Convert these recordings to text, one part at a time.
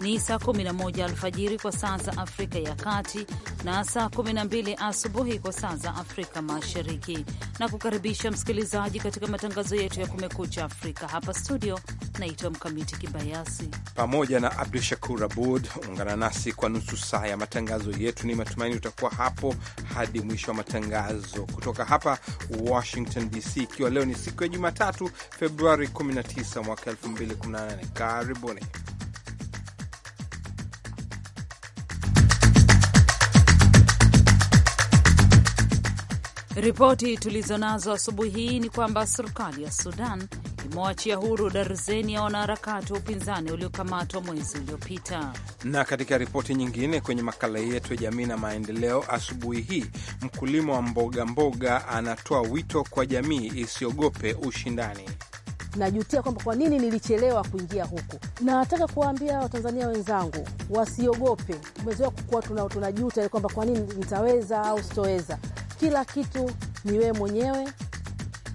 ni saa 11 alfajiri kwa saa za Afrika ya Kati na saa 12 asubuhi kwa saa za Afrika Mashariki, na kukaribisha msikilizaji katika matangazo yetu ya Kumekucha Afrika. Hapa studio naitwa Mkamiti Kibayasi pamoja na Abdu Shakur Abud. Ungana nasi kwa nusu saa ya matangazo yetu, ni matumaini utakuwa hapo hadi mwisho wa matangazo kutoka hapa Washington DC, ikiwa leo ni siku ya Jumatatu, Februari 19 mwaka 2018. Karibuni. Ripoti tulizonazo asubuhi hii ni kwamba serikali ya Sudan imewachia huru darzeni ya wanaharakati wa upinzani waliokamatwa mwezi uliopita. Na katika ripoti nyingine kwenye makala yetu ya jamii na maendeleo asubuhi hii, mkulima wa mboga mboga anatoa wito kwa jamii isiogope ushindani najutia kwamba kwa nini nilichelewa kuingia huku. Nataka kuwaambia Watanzania wenzangu wasiogope. Umezoea kukuwa tunajuta kwamba kwa nini nitaweza au sitoweza. Kila kitu ni wewe mwenyewe.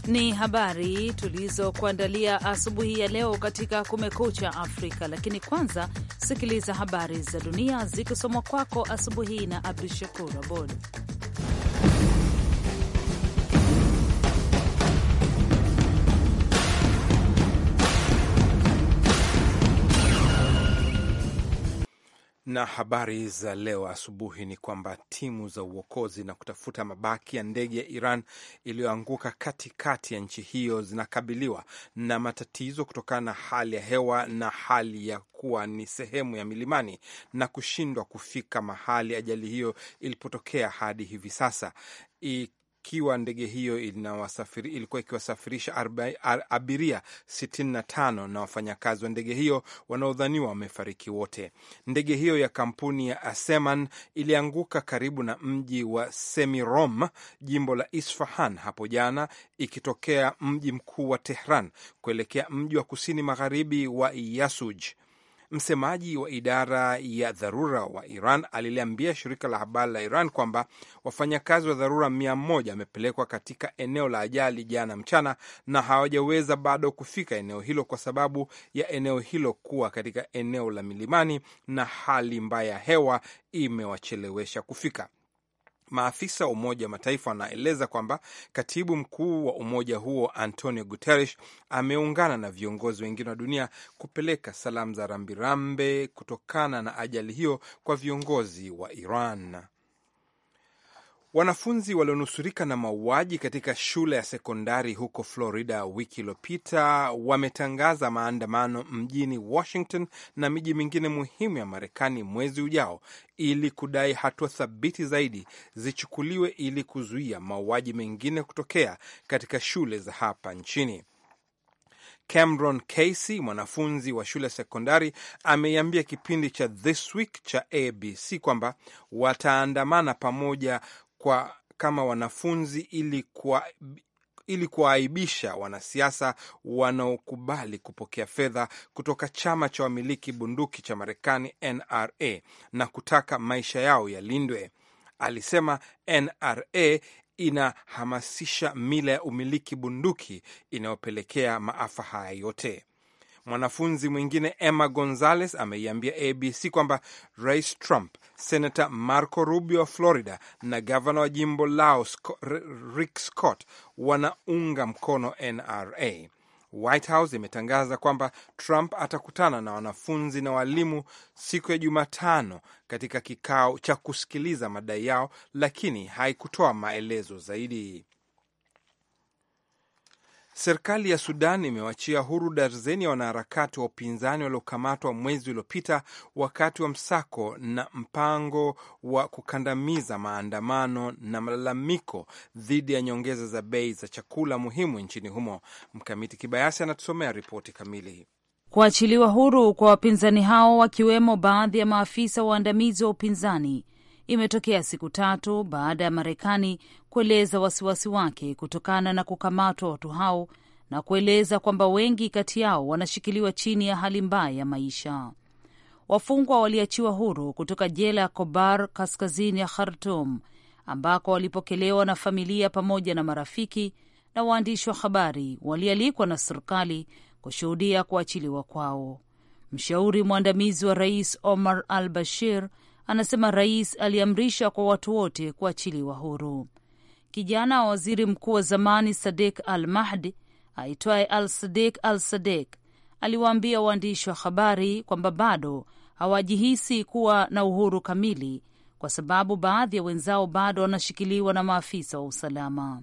Ni habari tulizokuandalia asubuhi ya leo katika Kumekucha Afrika, lakini kwanza sikiliza habari za dunia zikisomwa kwako asubuhi na Abdu Shakur Abod. Na habari za leo asubuhi ni kwamba timu za uokozi na kutafuta mabaki ya ndege ya Iran iliyoanguka katikati ya nchi hiyo zinakabiliwa na matatizo kutokana na hali ya hewa na hali ya kuwa ni sehemu ya milimani na kushindwa kufika mahali ajali hiyo ilipotokea hadi hivi sasa I ikiwa ndege hiyo ilikuwa ikiwasafirisha abiria 65 na wafanyakazi wa ndege hiyo wanaodhaniwa wamefariki wote. Ndege hiyo ya kampuni ya Aseman ilianguka karibu na mji wa Semirom, jimbo la Isfahan, hapo jana ikitokea mji mkuu wa Tehran kuelekea mji wa kusini magharibi wa Yasuj. Msemaji wa idara ya dharura wa Iran aliliambia shirika la habari la Iran kwamba wafanyakazi wa dharura mia moja wamepelekwa katika eneo la ajali jana mchana na hawajaweza bado kufika eneo hilo kwa sababu ya eneo hilo kuwa katika eneo la milimani na hali mbaya ya hewa imewachelewesha kufika. Maafisa wa Umoja wa Mataifa wanaeleza kwamba katibu mkuu wa umoja huo Antonio Guterres ameungana na viongozi wengine wa dunia kupeleka salamu za rambirambe kutokana na ajali hiyo kwa viongozi wa Iran. Wanafunzi walionusurika na mauaji katika shule ya sekondari huko Florida wiki iliyopita wametangaza maandamano mjini Washington na miji mingine muhimu ya Marekani mwezi ujao ili kudai hatua thabiti zaidi zichukuliwe ili kuzuia mauaji mengine kutokea katika shule za hapa nchini. Cameron Casey, mwanafunzi wa shule ya sekondari, ameiambia kipindi cha This Week cha ABC kwamba wataandamana pamoja kwa kama wanafunzi ili kwa ili kuwaaibisha wanasiasa wanaokubali kupokea fedha kutoka chama cha wamiliki bunduki cha Marekani NRA na kutaka maisha yao yalindwe. Alisema NRA inahamasisha mila ya umiliki bunduki inayopelekea maafa haya yote. Mwanafunzi mwingine Emma Gonzalez ameiambia ABC kwamba Rais Trump, Senata Marco Rubio wa Florida na gavana wa jimbo lao Rick Scott wanaunga mkono NRA. White House imetangaza kwamba Trump atakutana na wanafunzi na walimu siku ya Jumatano katika kikao cha kusikiliza madai yao, lakini haikutoa maelezo zaidi. Serikali ya Sudan imewachia huru darzeni ya wanaharakati wa upinzani waliokamatwa mwezi uliopita wakati wa msako na mpango wa kukandamiza maandamano na malalamiko dhidi ya nyongeza za bei za chakula muhimu nchini humo. Mkamiti Kibayasi anatusomea ripoti kamili. Kuachiliwa huru kwa wapinzani hao wakiwemo baadhi ya maafisa waandamizi wa upinzani imetokea siku tatu baada ya Marekani kueleza wasiwasi wake kutokana na kukamatwa watu hao na kueleza kwamba wengi kati yao wanashikiliwa chini ya hali mbaya ya maisha. Wafungwa waliachiwa huru kutoka jela ya Kobar kaskazini ya Khartum, ambako walipokelewa na familia pamoja na marafiki na waandishi wa habari walialikwa na serikali kushuhudia kuachiliwa kwao. Mshauri mwandamizi wa rais Omar al Bashir anasema rais aliamrisha kwa watu wote kuachiliwa huru kijana wa waziri mkuu wa zamani Sadik Al Mahdi aitwaye Al Sadik Al Sadik aliwaambia waandishi wa habari kwamba bado hawajihisi kuwa na uhuru kamili kwa sababu baadhi ya wenzao bado wanashikiliwa na maafisa wa usalama.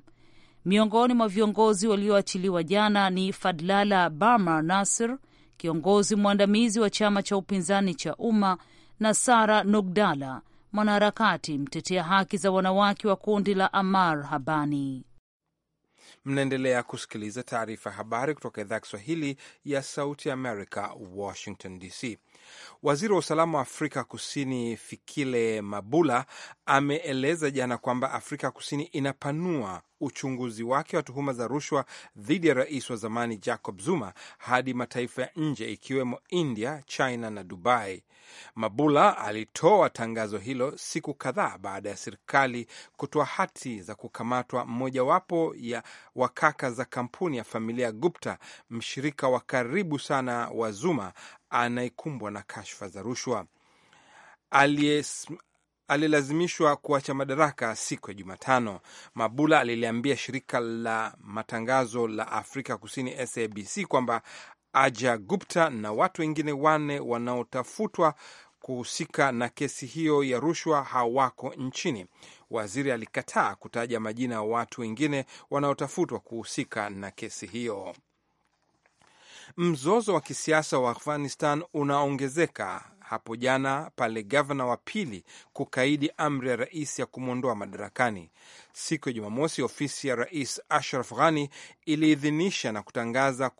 Miongoni mwa viongozi walioachiliwa jana ni Fadlala Barma Nasir, kiongozi mwandamizi wa chama cha upinzani cha Umma, na Sara Nugdala, mwanaharakati mtetea haki za wanawake wa kundi la Amar Habani. Mnaendelea kusikiliza taarifa ya habari kutoka idhaa ya Kiswahili ya Sauti Amerika, Washington DC. Waziri wa usalama wa Afrika Kusini Fikile Mabula ameeleza jana kwamba Afrika Kusini inapanua uchunguzi wake wa tuhuma za rushwa dhidi ya rais wa zamani Jacob Zuma hadi mataifa ya nje ikiwemo India, China na Dubai. Mabula alitoa tangazo hilo siku kadhaa baada ya serikali kutoa hati za kukamatwa mmojawapo ya wakaka za kampuni ya familia Gupta, mshirika wa karibu sana wa Zuma anayekumbwa na kashfa za rushwa alilazimishwa kuacha madaraka siku ya Jumatano. Mabula aliliambia shirika la matangazo la Afrika Kusini SABC kwamba Aja Gupta na watu wengine wanne wanaotafutwa kuhusika na kesi hiyo ya rushwa hawako nchini. Waziri alikataa kutaja majina ya watu wengine wanaotafutwa kuhusika na kesi hiyo. Mzozo wa kisiasa wa Afghanistan unaongezeka hapo jana pale gavana wa pili kukaidi amri ya rais ya kumwondoa madarakani. Siku ya Jumamosi, ofisi ya rais Ashraf Ghani iliidhinisha na kutangaza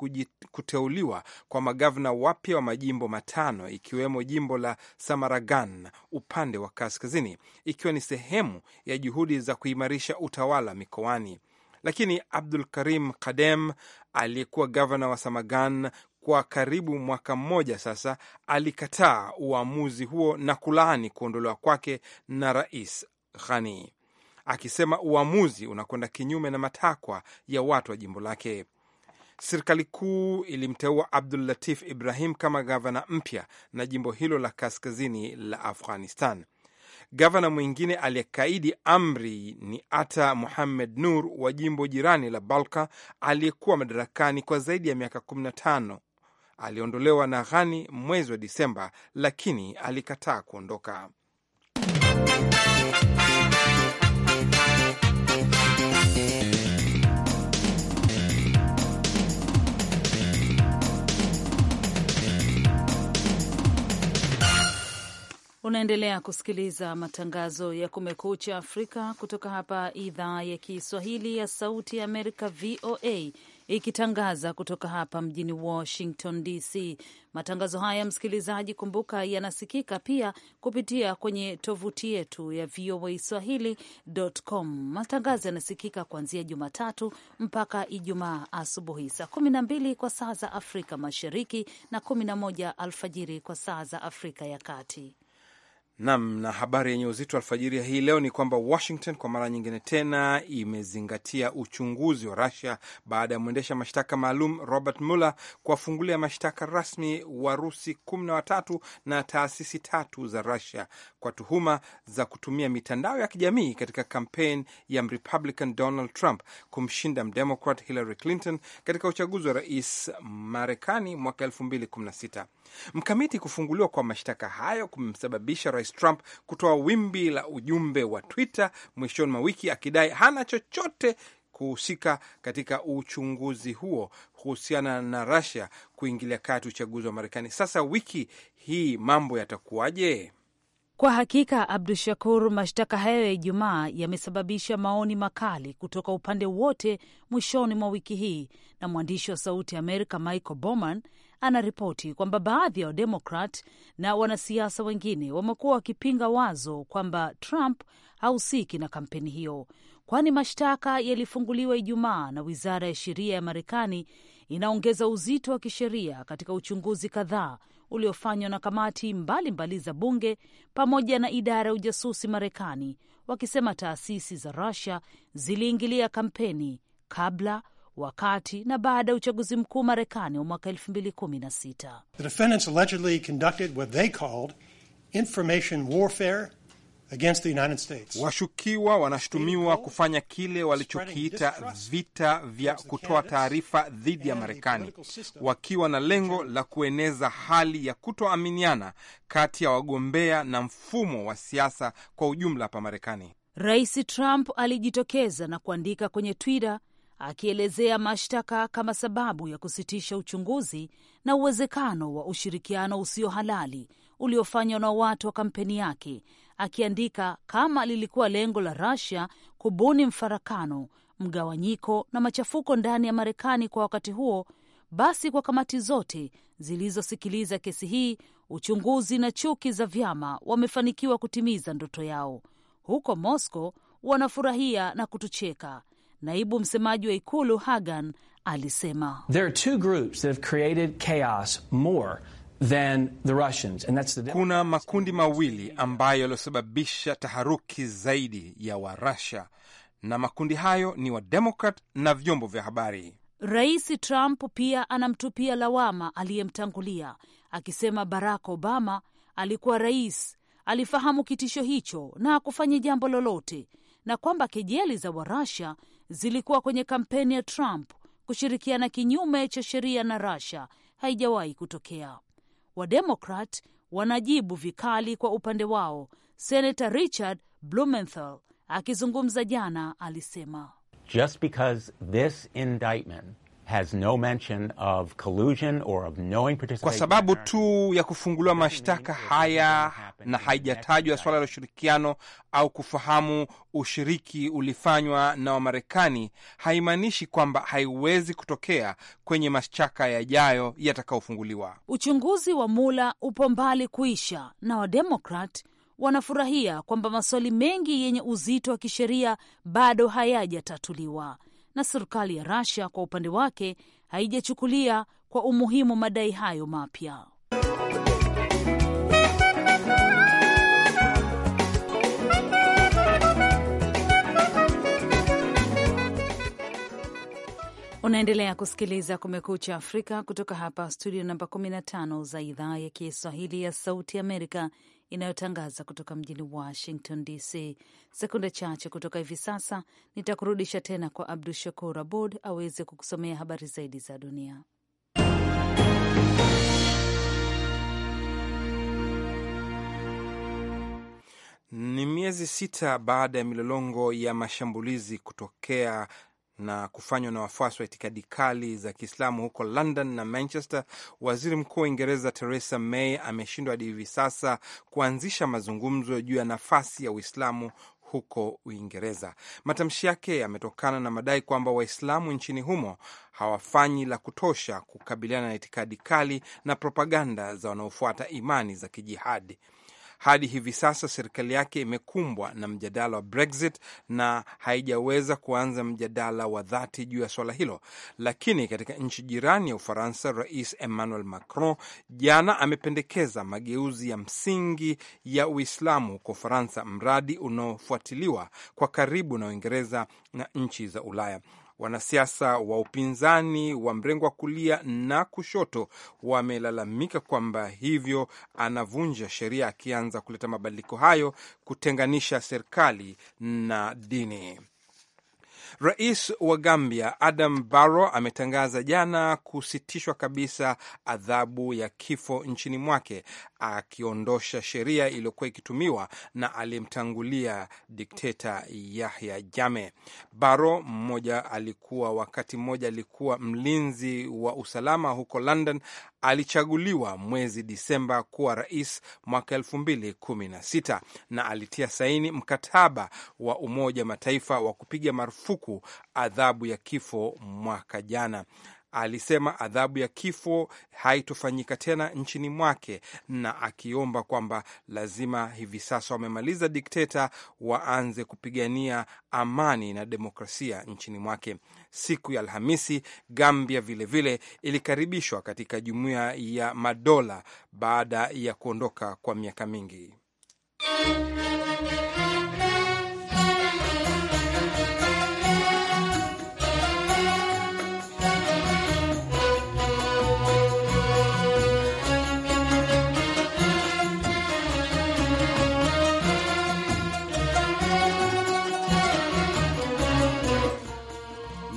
kuteuliwa kwa magavana wapya wa majimbo matano ikiwemo jimbo la Samaragan upande wa kaskazini, ikiwa ni sehemu ya juhudi za kuimarisha utawala mikoani. Lakini Abdul Karim Kadem aliyekuwa gavana wa Samagan kwa karibu mwaka mmoja sasa, alikataa uamuzi huo na kulaani kuondolewa kwake na Rais Ghani, akisema uamuzi unakwenda kinyume na matakwa ya watu wa jimbo lake. Serikali kuu ilimteua Abdul Latif Ibrahim kama gavana mpya na jimbo hilo la kaskazini la Afghanistan. Gavana mwingine aliyekaidi amri ni Ata Muhamed Nur wa jimbo jirani la Balka, aliyekuwa madarakani kwa zaidi ya miaka 15. Aliondolewa na Ghani mwezi wa Disemba, lakini alikataa kuondoka. Unaendelea kusikiliza matangazo ya Kumekucha Afrika kutoka hapa idhaa ya Kiswahili ya Sauti ya Amerika, VOA, ikitangaza kutoka hapa mjini Washington DC. Matangazo haya, msikilizaji, kumbuka yanasikika pia kupitia kwenye tovuti yetu ya VOA Swahili.com. Matangazo yanasikika kuanzia Jumatatu mpaka Ijumaa asubuhi saa 12 kwa saa za Afrika Mashariki na 11 alfajiri kwa saa za Afrika ya Kati. Nam na habari yenye uzito alfajiri ya hii leo ni kwamba Washington kwa mara nyingine tena imezingatia uchunguzi wa Rusia baada ya mwendesha mashtaka maalum Robert Mueller kuwafungulia mashtaka rasmi Warusi kumi na watatu na taasisi tatu za Rusia kwa tuhuma za kutumia mitandao ya kijamii katika kampeni ya Mrepublican Donald Trump kumshinda Mdemokrat Hillary Clinton katika uchaguzi wa rais Marekani mwaka elfu mbili kumi na sita. Mkamiti kufunguliwa kwa mashtaka hayo kumemsababisha Rais Trump kutoa wimbi la ujumbe wa Twitter mwishoni mwa wiki akidai hana chochote kuhusika katika uchunguzi huo kuhusiana na Russia kuingilia kati uchaguzi wa Marekani. Sasa wiki hii mambo yatakuwaje? Kwa hakika Abdu Shakur, mashtaka hayo ya Ijumaa yamesababisha maoni makali kutoka upande wote mwishoni mwa wiki hii, na mwandishi wa Sauti ya Amerika Michael Bowman anaripoti kwamba baadhi ya Wademokrat na wanasiasa wengine wamekuwa wakipinga wazo kwamba Trump hahusiki na kampeni hiyo, kwani mashtaka yalifunguliwa Ijumaa na wizara ya sheria ya Marekani inaongeza uzito wa kisheria katika uchunguzi kadhaa uliofanywa na kamati mbalimbali mbali za bunge pamoja na idara ya ujasusi Marekani, wakisema taasisi za rasia ziliingilia kampeni kabla, wakati na baada ya uchaguzi mkuu Marekani wa mwaka 2016. The defendants allegedly conducted what they called information warfare against the United States. Washukiwa wanashutumiwa kufanya kile walichokiita vita vya kutoa taarifa dhidi ya Marekani, wakiwa na lengo la kueneza hali ya kutoaminiana kati ya wagombea na mfumo wa siasa kwa ujumla hapa Marekani. Rais Trump alijitokeza na kuandika kwenye Twitter akielezea mashtaka kama sababu ya kusitisha uchunguzi na uwezekano wa ushirikiano usio halali uliofanywa na watu wa kampeni yake, akiandika kama lilikuwa lengo la Russia kubuni mfarakano, mgawanyiko na machafuko ndani ya Marekani kwa wakati huo, basi kwa kamati zote zilizosikiliza kesi hii, uchunguzi na chuki za vyama, wamefanikiwa kutimiza ndoto yao. Huko Moscow wanafurahia na kutucheka Naibu msemaji wa ikulu Hagan alisema kuna makundi mawili ambayo yaliyosababisha taharuki zaidi ya Warasha, na makundi hayo ni Wademokrat na vyombo vya habari. Rais Trump pia anamtupia lawama aliyemtangulia akisema Barack Obama alikuwa rais, alifahamu kitisho hicho na hakufanya jambo lolote, na kwamba kejeli za Warasha zilikuwa kwenye kampeni ya Trump kushirikiana kinyume cha sheria na Russia haijawahi kutokea. Wademokrat wanajibu vikali kwa upande wao. Senata Richard Blumenthal akizungumza jana alisema, Just because this indictment Has no mention of collusion or of knowing participation. Kwa sababu tu ya kufunguliwa mashtaka haya na haijatajwa swala la ushirikiano au kufahamu ushiriki ulifanywa na Wamarekani, haimaanishi kwamba haiwezi kutokea kwenye mashtaka yajayo yatakayofunguliwa. Uchunguzi wa mula upo mbali kuisha na Wademokrat wanafurahia kwamba maswali mengi yenye uzito wa kisheria bado hayajatatuliwa na serikali ya Russia kwa upande wake haijachukulia kwa umuhimu madai hayo mapya. Unaendelea kusikiliza Kumekucha Afrika kutoka hapa studio namba 15 za idhaa ya Kiswahili ya Sauti Amerika inayotangaza kutoka mjini Washington DC. Sekunde chache kutoka hivi sasa nitakurudisha tena kwa Abdu Shakur Abud aweze kukusomea habari zaidi za dunia. Ni miezi sita baada ya milolongo ya mashambulizi kutokea na kufanywa na wafuasi wa itikadi kali za Kiislamu huko London na Manchester, waziri mkuu wa Uingereza Theresa May ameshindwa hadi hivi sasa kuanzisha mazungumzo juu ya nafasi ya Uislamu huko Uingereza. Matamshi yake yametokana na madai kwamba Waislamu nchini humo hawafanyi la kutosha kukabiliana na itikadi kali na propaganda za wanaofuata imani za kijihadi. Hadi hivi sasa serikali yake imekumbwa na mjadala wa Brexit na haijaweza kuanza mjadala wa dhati juu ya swala hilo. Lakini katika nchi jirani ya Ufaransa, Rais Emmanuel Macron jana amependekeza mageuzi ya msingi ya Uislamu huko Ufaransa, mradi unaofuatiliwa kwa karibu na Uingereza na nchi za Ulaya. Wanasiasa wa upinzani wa mrengo wa kulia na kushoto wamelalamika kwamba hivyo anavunja sheria akianza kuleta mabadiliko hayo kutenganisha serikali na dini. Rais wa Gambia Adam Barrow ametangaza jana kusitishwa kabisa adhabu ya kifo nchini mwake akiondosha sheria iliyokuwa ikitumiwa na aliyemtangulia dikteta Yahya jame Baro mmoja alikuwa wakati mmoja alikuwa mlinzi wa usalama huko London, alichaguliwa mwezi Disemba kuwa rais mwaka elfu mbili kumi na sita na alitia saini mkataba wa Umoja Mataifa wa kupiga marufuku adhabu ya kifo mwaka jana. Alisema adhabu ya kifo haitofanyika tena nchini mwake, na akiomba kwamba lazima hivi sasa wamemaliza dikteta, waanze kupigania amani na demokrasia nchini mwake. Siku ya Alhamisi, Gambia vilevile ilikaribishwa katika jumuiya ya madola baada ya kuondoka kwa miaka mingi.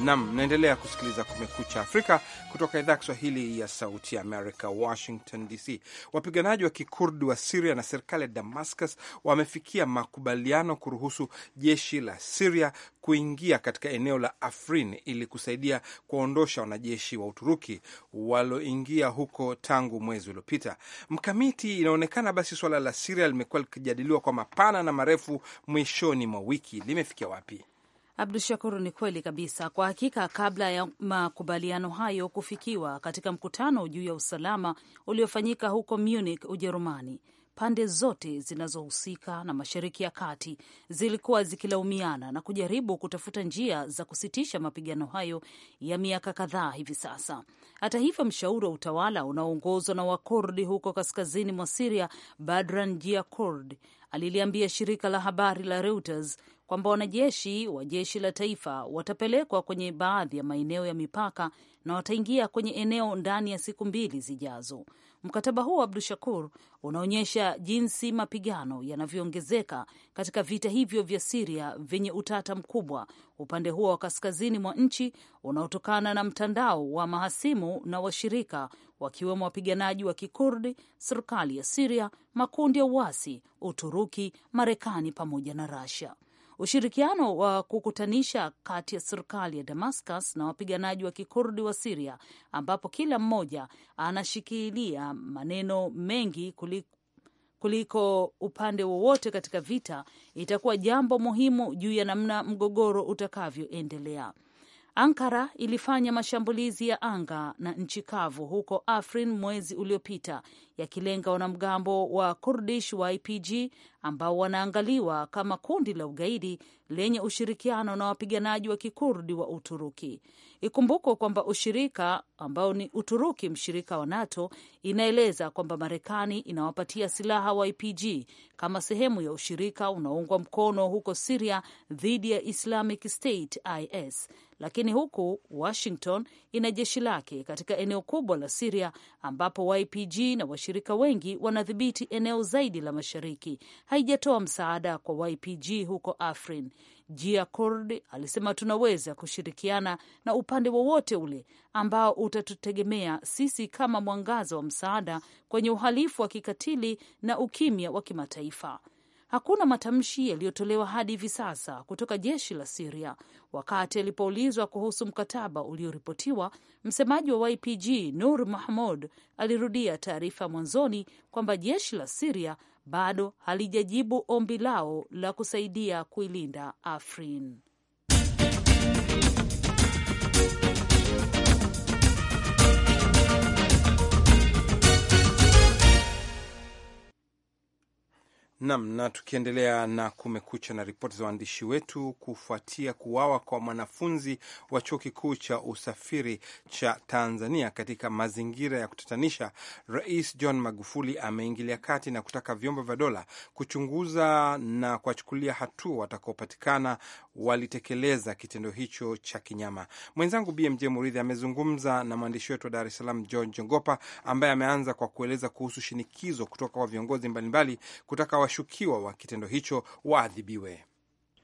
Nam, naendelea kusikiliza Kumekucha Afrika kutoka idhaa ya Kiswahili ya Sauti ya Amerika, Washington DC. Wapiganaji wa kikurdi wa Siria na serikali ya Damascus wamefikia makubaliano kuruhusu jeshi la Siria kuingia katika eneo la Afrin ili kusaidia kuwaondosha wanajeshi wa Uturuki walioingia huko tangu mwezi uliopita. Mkamiti, inaonekana basi suala la Siria limekuwa likijadiliwa kwa mapana na marefu mwishoni mwa wiki, limefikia wapi? Abdu Shakuru, ni kweli kabisa. Kwa hakika, kabla ya makubaliano hayo kufikiwa katika mkutano juu ya usalama uliofanyika huko Munich, Ujerumani, pande zote zinazohusika na Mashariki ya Kati zilikuwa zikilaumiana na kujaribu kutafuta njia za kusitisha mapigano hayo ya miaka kadhaa hivi sasa. Hata hivyo, mshauri wa utawala unaoongozwa na Wakurdi huko kaskazini mwa Siria, Badran Jia Kurd, aliliambia shirika la habari la Reuters kwamba wanajeshi wa jeshi la taifa watapelekwa kwenye baadhi ya maeneo ya mipaka na wataingia kwenye eneo ndani ya siku mbili zijazo. Mkataba huo Abdu Shakur unaonyesha jinsi mapigano yanavyoongezeka katika vita hivyo vya Siria vyenye utata mkubwa, upande huo wa kaskazini mwa nchi unaotokana na mtandao wa mahasimu na washirika, wakiwemo wapiganaji wa Kikurdi, serikali ya Siria, makundi ya uasi, Uturuki, Marekani pamoja na Rasia. Ushirikiano wa kukutanisha kati ya serikali ya Damascus na wapiganaji wa kikurdi wa Siria, ambapo kila mmoja anashikilia maneno mengi kuliko kuliko upande wowote katika vita itakuwa jambo muhimu juu ya namna mgogoro utakavyoendelea. Ankara ilifanya mashambulizi ya anga na nchi kavu huko Afrin mwezi uliopita, yakilenga wanamgambo wa Kurdish wa YPG ambao wanaangaliwa kama kundi la ugaidi lenye ushirikiano na wapiganaji wa kikurdi wa Uturuki. Ikumbukwe kwamba ushirika ambao ni Uturuki, mshirika wa NATO, inaeleza kwamba Marekani inawapatia silaha YPG kama sehemu ya ushirika unaoungwa mkono huko Siria dhidi ya Islamic State IS lakini huku Washington ina jeshi lake katika eneo kubwa la Siria ambapo YPG na washirika wengi wanadhibiti eneo zaidi la mashariki, haijatoa msaada kwa YPG huko Afrin. Jia Kurd alisema tunaweza kushirikiana na upande wowote ule ambao utatutegemea sisi kama mwangaza wa msaada kwenye uhalifu wa kikatili na ukimya wa kimataifa. Hakuna matamshi yaliyotolewa hadi hivi sasa kutoka jeshi la Siria. Wakati alipoulizwa kuhusu mkataba ulioripotiwa, msemaji wa YPG Nur Mahmud alirudia taarifa mwanzoni kwamba jeshi la Siria bado halijajibu ombi lao la kusaidia kuilinda Afrin. Nam, na tukiendelea na Kumekucha na ripoti za waandishi wetu, kufuatia kuwawa kwa mwanafunzi wa chuo kikuu cha usafiri cha Tanzania katika mazingira ya kutatanisha, Rais John Magufuli ameingilia kati na kutaka vyombo vya dola kuchunguza na kuwachukulia hatua watakaopatikana walitekeleza kitendo hicho cha kinyama. Mwenzangu BMJ Muridhi amezungumza na mwandishi wetu wa Dar es Salaam John Jongopa ambaye ameanza kwa kueleza kuhusu shinikizo kutoka kwa viongozi mbalimbali kutaka wa washukiwa wa kitendo hicho waadhibiwe.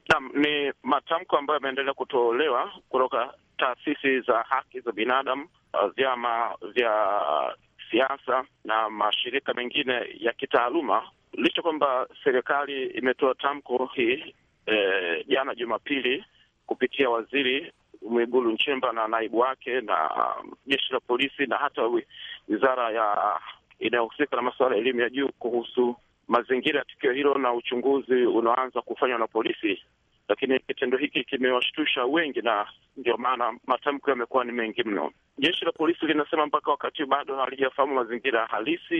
Naam, ni matamko ambayo yameendelea kutolewa kutoka taasisi za haki za binadamu, uh, vyama vya siasa na mashirika mengine ya kitaaluma, licha kwamba serikali imetoa tamko hii eh, jana e, Jumapili kupitia waziri Mwigulu Nchemba na naibu wake na um, jeshi la polisi na hata wizara ya inayohusika na masuala ya elimu ya juu kuhusu mazingira ya tukio hilo na uchunguzi unaanza kufanywa na polisi, lakini kitendo hiki kimewashtusha wengi na ndio maana matamko yamekuwa ni mengi mno. Jeshi la polisi linasema mpaka wakati bado halijafahamu mazingira halisi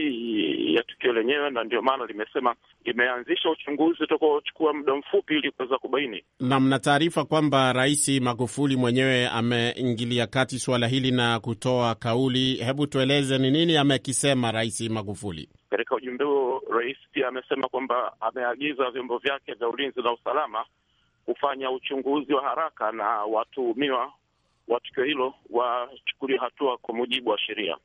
ya tukio lenyewe, na ndio maana limesema limeanzisha uchunguzi utakaochukua muda mfupi ili kuweza kubaini. Na mna taarifa kwamba Rais Magufuli mwenyewe ameingilia kati suala hili na kutoa kauli. Hebu tueleze ni nini amekisema Rais Magufuli? Katika ujumbe huo, rais pia amesema kwamba ameagiza vyombo vyake vya ulinzi na usalama kufanya uchunguzi wa haraka na watuhumiwa wa tukio hilo wachukuliwe hatua kwa mujibu wa sheria.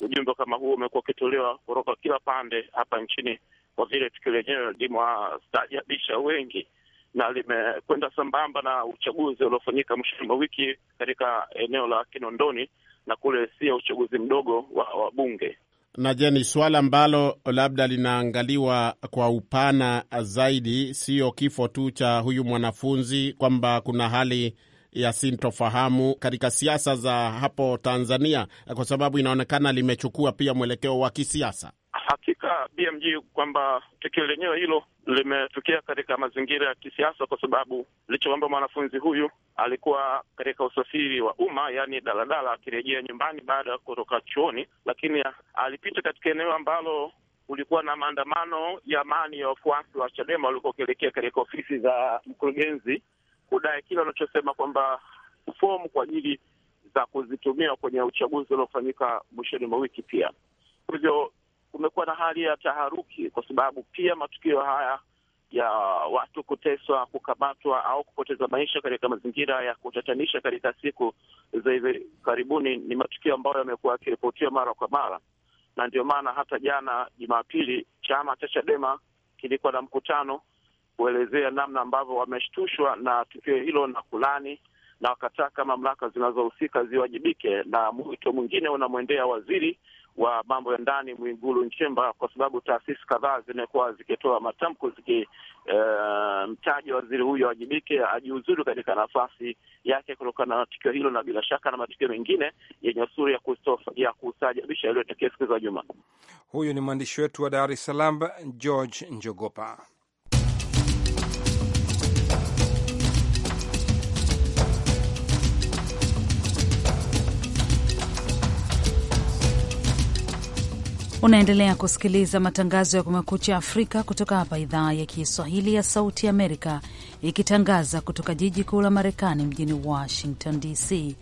Ujumbe kama huo umekuwa ukitolewa kutoka kila pande hapa nchini kwa vile tukio lenyewe limewastajabisha wengi na limekwenda sambamba na uchaguzi uliofanyika mwishoni mwa wiki katika eneo la Kinondoni na kule sia uchaguzi mdogo wa wabunge na je, ni suala ambalo labda linaangaliwa kwa upana zaidi, sio kifo tu cha huyu mwanafunzi, kwamba kuna hali ya sintofahamu katika siasa za hapo Tanzania, kwa sababu inaonekana limechukua pia mwelekeo wa kisiasa. Hakika BMG kwamba tukio lenyewe hilo limetokea katika mazingira ya kisiasa, kwa sababu licho kwamba mwanafunzi huyu alikuwa katika usafiri wa umma, yaani daladala, akirejea nyumbani baada ya kutoka chuoni, lakini alipita katika eneo ambalo kulikuwa na maandamano ya amani ya wafuasi wa Chadema walikuwa wakielekea katika ofisi za mkurugenzi kudai kile wanachosema kwamba fomu kwa ajili za kuzitumia kwenye uchaguzi uliofanyika mwishoni mwa wiki. Pia hivyo kumekuwa na hali ya taharuki, kwa sababu pia matukio haya ya watu kuteswa, kukamatwa au kupoteza maisha katika mazingira ya kutatanisha katika siku za hivi karibuni ni matukio ambayo yamekuwa yakiripotiwa mara kwa mara, na ndio maana hata jana Jumapili chama cha Chadema kilikuwa na mkutano kuelezea namna ambavyo wameshtushwa na tukio hilo na kulani na wakataka mamlaka zinazohusika ziwajibike, na mwito mwingine unamwendea waziri wa mambo ya ndani Mwigulu Nchemba, kwa sababu taasisi kadhaa zimekuwa zikitoa matamko zikimtaja eh, uh, waziri huyo awajibike, ajiuzuru katika nafasi yake kutokana na tukio hilo na bila shaka na matukio mengine yenye usuri ya, ya kusajabisha yaliyotokea siku za juma. Huyu ni mwandishi wetu wa Dar es Salaam, George Njogopa. Unaendelea kusikiliza matangazo ya Kumekucha Afrika kutoka hapa idhaa ya Kiswahili ya Sauti Amerika, ikitangaza kutoka jiji kuu la Marekani, mjini Washington DC.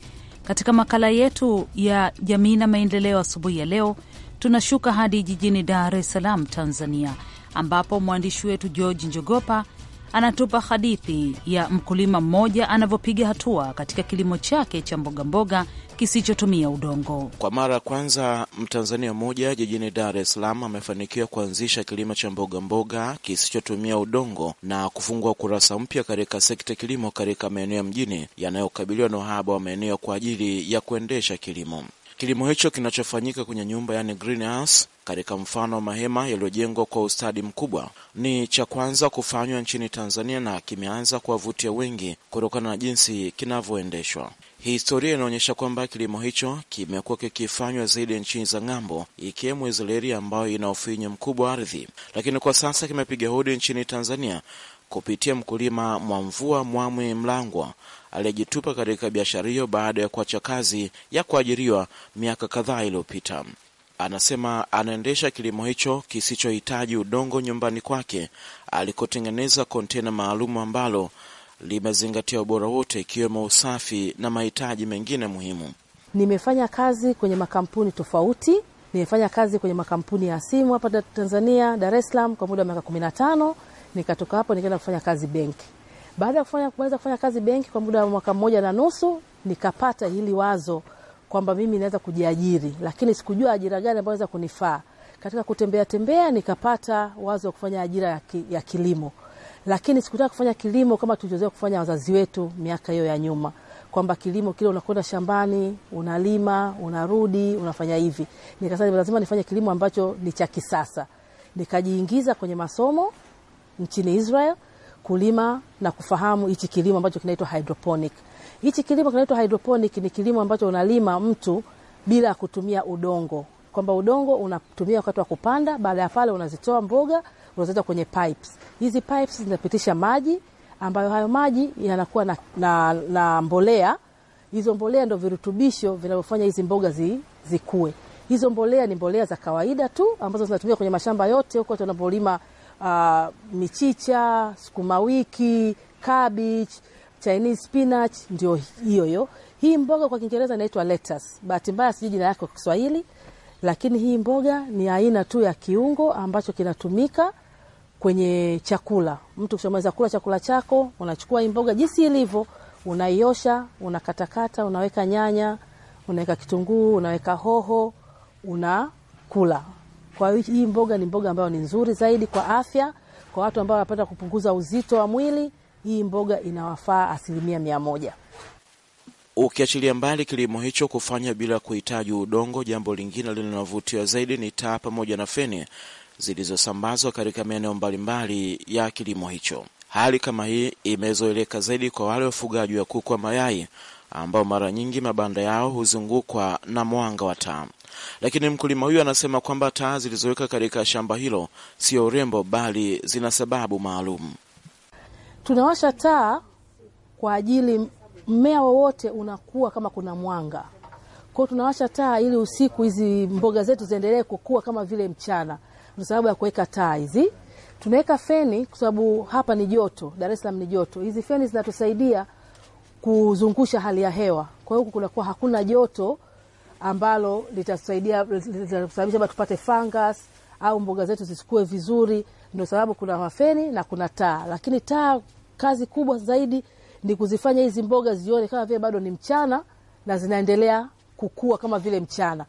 Katika makala yetu ya jamii na maendeleo asubuhi ya leo, tunashuka hadi jijini Dar es Salaam, Tanzania, ambapo mwandishi wetu George Njogopa anatupa hadithi ya mkulima mmoja anavyopiga hatua katika kilimo chake cha mbogamboga kisichotumia udongo. Kwa mara ya kwanza Mtanzania mmoja jijini Dar es Salaam amefanikiwa kuanzisha kilimo cha mbogamboga kisichotumia udongo na kufungua kurasa mpya katika sekta kilimo katika maeneo ya mjini yanayokabiliwa na uhaba wa maeneo kwa ajili ya kuendesha kilimo. Kilimo hicho kinachofanyika kwenye nyumba, yani greenhouse katika mfano wa mahema yaliyojengwa kwa ustadi mkubwa ni cha kwanza kufanywa nchini Tanzania na kimeanza kuwavutia wengi kutokana na jinsi kinavyoendeshwa. Historia inaonyesha kwamba kilimo hicho kimekuwa kikifanywa zaidi nchini za ng'ambo, ikiwemo Israeli ambayo ina ufinyu mkubwa wa ardhi, lakini kwa sasa kimepiga hodi nchini Tanzania kupitia mkulima Mwamvua Mwamwi Mlangwa aliyejitupa katika biashara hiyo baada ya kuacha kazi ya kuajiriwa miaka kadhaa iliyopita. Anasema anaendesha kilimo hicho kisichohitaji udongo nyumbani kwake alikotengeneza kontena maalum ambalo limezingatia ubora wote ikiwemo usafi na mahitaji mengine muhimu. Nimefanya kazi kwenye makampuni tofauti, nimefanya kazi kwenye makampuni ya simu hapa Tanzania, Dar es Salaam kwa muda wa miaka kumi na tano. Nikatoka hapo nikaenda kufanya kazi benki. Baada ya kumaliza kufanya kazi benki kwa muda wa mwaka mmoja na nusu, nikapata hili wazo kwamba mimi naweza kujiajiri, lakini sikujua ajira gani ambayo naweza kunifaa. Katika kutembea tembea, nikapata wazo wa kufanya ajira ya, ki, ya kilimo, lakini sikutaka kufanya kilimo kama tulichozoea kufanya wazazi wetu miaka hiyo ya nyuma, kwamba kilimo kile unakwenda shambani unalima unarudi unafanya hivi. Nikasema lazima nifanye kilimo ambacho ni cha kisasa. Nikajiingiza kwenye masomo nchini Israel kulima na kufahamu hichi kilimo ambacho kinaitwa hydroponic. Hichi kilimo kinaitwa hydroponic ni kilimo ambacho unalima mtu bila kutumia udongo, kwamba udongo unatumia wakati wa kupanda. Baada ya pale, unazitoa mboga unazileta kwenye pipes. Hizi pipes zinapitisha maji ambayo hayo maji yanakuwa na, na, na mbolea. Hizo mbolea ndio virutubisho vinavyofanya hizi mboga zi, zikue. Hizo mbolea ni mbolea za kawaida tu ambazo zinatumika kwenye mashamba yote huko tunapolima uh, michicha, sukuma wiki, cabbage, Chinese spinach, ndio hiyo hiyo. Hii mboga kwa Kiingereza inaitwa lettuce. Bahati mbaya sijui jina lake kwa Kiswahili, lakini hii mboga ni aina tu ya kiungo ambacho kinatumika kwenye chakula. Mtu kishamaliza kula chakula chako, unachukua hii mboga jinsi ilivyo, unaiosha, unakatakata, unaweka nyanya, unaweka kitunguu, unaweka hoho, unakula. Kwa hii mboga ni mboga ambayo ni nzuri zaidi kwa afya, kwa watu ambao wanapata kupunguza uzito wa mwili, hii mboga inawafaa asilimia mia moja. Ukiachilia mbali kilimo hicho kufanya bila kuhitaji udongo, jambo lingine linalovutiwa zaidi ni taa pamoja na feni zilizosambazwa katika maeneo mbalimbali ya kilimo hicho. Hali kama hii imezoeleka zaidi kwa wale wafugaji wa kuku wa mayai ambao mara nyingi mabanda yao huzungukwa na mwanga wa taa. Lakini mkulima huyo anasema kwamba taa zilizoweka katika shamba hilo sio urembo, bali zina sababu maalum. Tunawasha taa kwa ajili mmea wowote unakuwa kama kuna mwanga kwao, tunawasha taa ili usiku hizi mboga zetu ziendelee kukua kama vile mchana. Ndio sababu ya kuweka taa hizi. Tunaweka feni kwa sababu hapa ni joto, Dar es Salaam ni joto. Hizi feni zinatusaidia kuzungusha hali ya hewa, kwa hiyo kunakuwa hakuna joto ambalo litasaidia litasababisha tupate fungus au mboga zetu zisikue vizuri. Ndio sababu kuna mafeni na kuna taa, lakini taa kazi kubwa zaidi ni kuzifanya hizi mboga zione kama vile bado ni mchana na zinaendelea kukua kama vile mchana.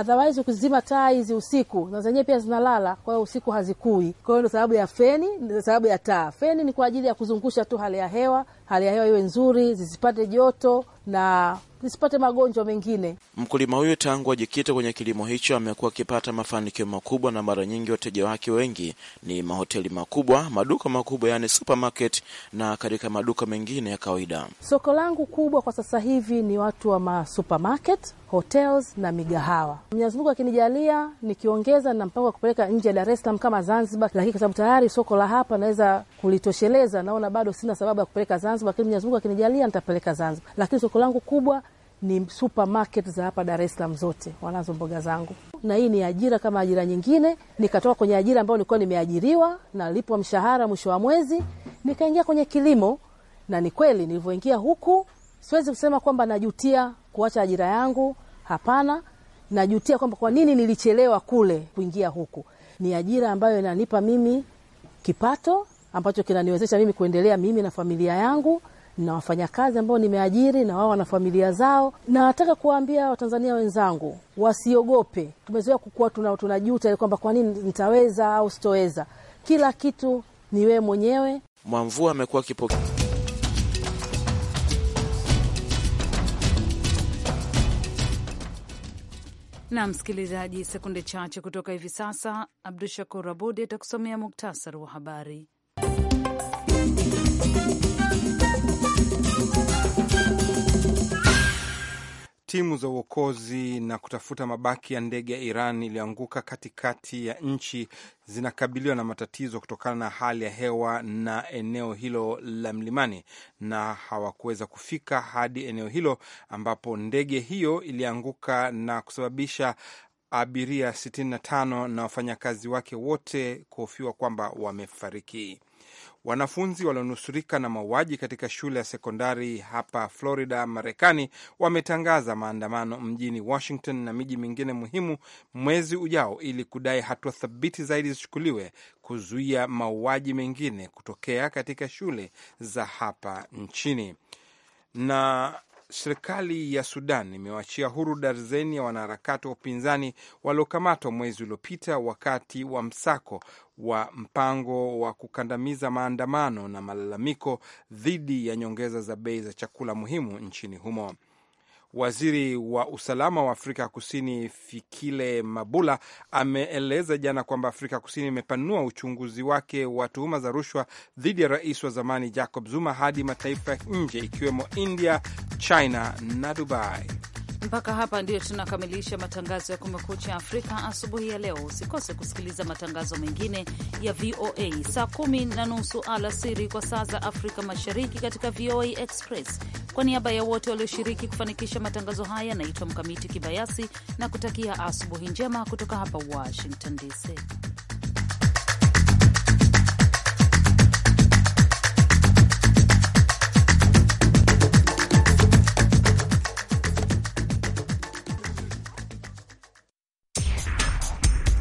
Otherwise ukizima taa hizi usiku, na zenyewe pia zinalala, kwa hiyo usiku hazikui. Kwa hiyo ndio sababu ya feni, ndio sababu ya taa. Feni ni kwa ajili ya kuzungusha tu hali ya hewa, hali ya hewa iwe nzuri, zisipate joto na nisipate magonjwa mengine. Mkulima huyu tangu ajikite kwenye kilimo hicho amekuwa akipata mafanikio makubwa, na mara nyingi wateja wake wengi ni mahoteli makubwa, maduka makubwa, yani supermarket na katika maduka mengine ya kawaida. Soko langu kubwa kwa sasa hivi ni watu wa masupermarket hotels na migahawa. Mwenyezi Mungu akinijalia, nikiongeza na mpango wa kupeleka nje ya Dar es Salaam kama Zanzibar, lakini kwa sababu tayari soko la hapa naweza kulitosheleza, naona bado sina sababu ya kupeleka Zanzibar, lakini Mwenyezi Mungu akinijalia, nitapeleka Zanzibar, lakini soko langu kubwa ni supermarket za hapa Dar es Salaam zote wanazo mboga zangu, na hii ni ajira kama ajira nyingine. Nikatoka kwenye ajira ambayo nilikuwa nimeajiriwa, nalipwa mshahara mwisho wa mwezi, nikaingia kwenye kilimo, na ni kweli nilivyoingia huku siwezi kusema kwamba najutia kuacha ajira yangu? Hapana, najutia kwamba kwa nini nilichelewa kule kuingia huku. Ni ajira ambayo inanipa mimi kipato ambacho kinaniwezesha mimi kuendelea mimi na familia yangu na wafanyakazi ambao nimeajiri na wao wana familia zao. Nataka kuwaambia Watanzania wenzangu wasiogope. Tumezoea kukuwa tuna, tunajuta kwamba kwa nini nitaweza au sitoweza. Kila kitu ni wewe mwenyewe. Mwamvua amekuwa kipokea na msikilizaji, sekunde chache kutoka hivi sasa, Abdu Shakur Abudi atakusomea muktasari wa habari. Timu za uokozi na kutafuta mabaki ya ndege ya Iran iliyoanguka katikati ya nchi zinakabiliwa na matatizo kutokana na hali ya hewa na eneo hilo la mlimani, na hawakuweza kufika hadi eneo hilo ambapo ndege hiyo ilianguka na kusababisha abiria 65 na wafanyakazi wake wote kuhofiwa kwamba wamefariki. Wanafunzi walionusurika na mauaji katika shule ya sekondari hapa Florida, Marekani, wametangaza maandamano mjini Washington na miji mingine muhimu mwezi ujao, ili kudai hatua thabiti zaidi zichukuliwe kuzuia mauaji mengine kutokea katika shule za hapa nchini. Na serikali ya Sudan imewachia huru darzeni ya wanaharakati wa upinzani waliokamatwa mwezi uliopita wakati wa msako wa mpango wa kukandamiza maandamano na malalamiko dhidi ya nyongeza za bei za chakula muhimu nchini humo. Waziri wa usalama wa Afrika Kusini Fikile Mabula ameeleza jana kwamba Afrika Kusini imepanua uchunguzi wake wa tuhuma za rushwa dhidi ya rais wa zamani Jacob Zuma hadi mataifa ya nje ikiwemo India, China na Dubai. Mpaka hapa ndio tunakamilisha matangazo ya Kumekucha Afrika asubuhi ya leo. Usikose kusikiliza matangazo mengine ya VOA saa kumi na nusu alasiri kwa saa za Afrika Mashariki katika VOA Express. Kwa niaba ya wote walioshiriki kufanikisha matangazo haya, naitwa Mkamiti Kibayasi na kutakia asubuhi njema kutoka hapa Washington DC.